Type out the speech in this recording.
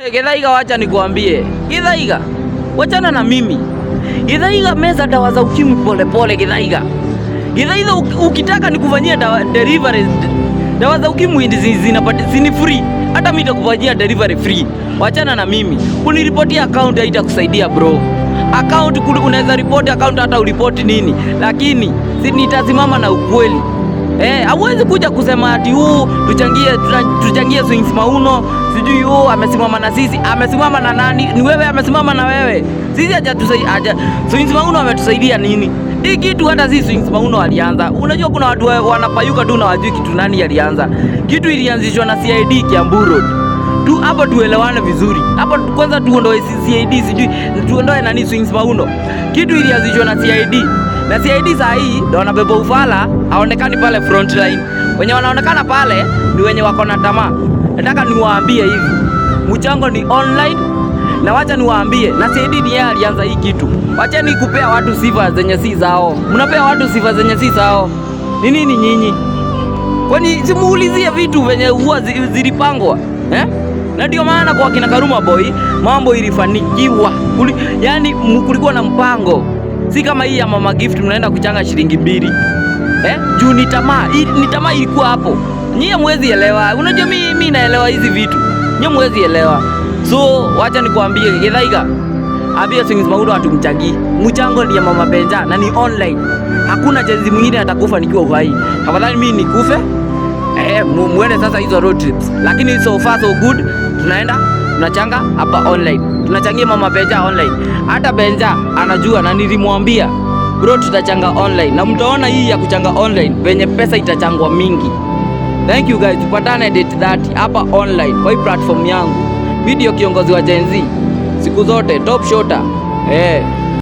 Hey, Githaiga wacha nikuambie. Githaiga, wachana na mimi. Githaiga meza dawa za ukimwi pole pole Githaiga. Githaiga ukitaka nikufanyia dawa delivery dawa za ukimwi ndizi zinapata zini free. Hata mimi nitakufanyia delivery free. Wachana na mimi. Uniripoti account haitakusaidia bro. Account unaweza report account hata uripoti nini, lakini nitasimama na ukweli eh, hauwezi kuja kusema ati huu tuchangie, tuchangie swings mauno, sijui huu amesimama na sisi, amesimama na nani? Ni wewe, amesimama na wewe, sisi aja tusaidia. Swings mauno ametusaidia nini? Hii kitu hata si swings mauno alianza. Unajua kuna watu wanapayuka tu na wajui kitu nani alianza. Kitu ilianzishwa na CID Kiambu Road. Tu hapo tuelewane vizuri. Hapo kwanza tuondoe CID sijui tuondoe nani swings mauno. Kitu ilianzishwa na CID na CID saa hii ndio wanabeba uvala, haonekani pale front line. Wenye wanaonekana pale ni wenye wako na tamaa. Nataka niwaambie hivi, mchango ni online na wacha niwaambie, na CID ni yeye alianza hii kitu. Wacheni kupea watu sifa zenye si zao, mnapea watu sifa zenye si zao. Ni nini nyinyi? Kwani simuulizie vitu venye huwa zilipangwa eh? Na ndio maana kwa kina Karuma Boy mambo ilifanikiwa, yani kulikuwa na mpango si kama hii ya mama gift mnaenda kuchanga shilingi mbili eh? Juu ni tamaa, ni tamaa ilikuwa hapo, nyie mwezi elewa. Unajua mimi mimi naelewa hizi vitu, nyie mwezi elewa. So wacha nikuambie Githaiga, ambia Swings Maura hatumchagii, mchango ni ya mama Benja na ni online. Hakuna jenzi mwingine atakufa nikiwa uhai. Tafadhali mimi nikufe eh, muende sasa hizo road trips, lakini so far so good, tunaenda tunachanga hapa online tunachangia mama Benja online. Hata Benja anajua na nilimwambia bro, tutachanga online na mtaona hii ya kuchanga online venye pesa itachangwa mingi. Thank you guys, tupatane date that hapa online kwa hii platform yangu video, kiongozi wa Gen Z siku zote top shota eh. Hey.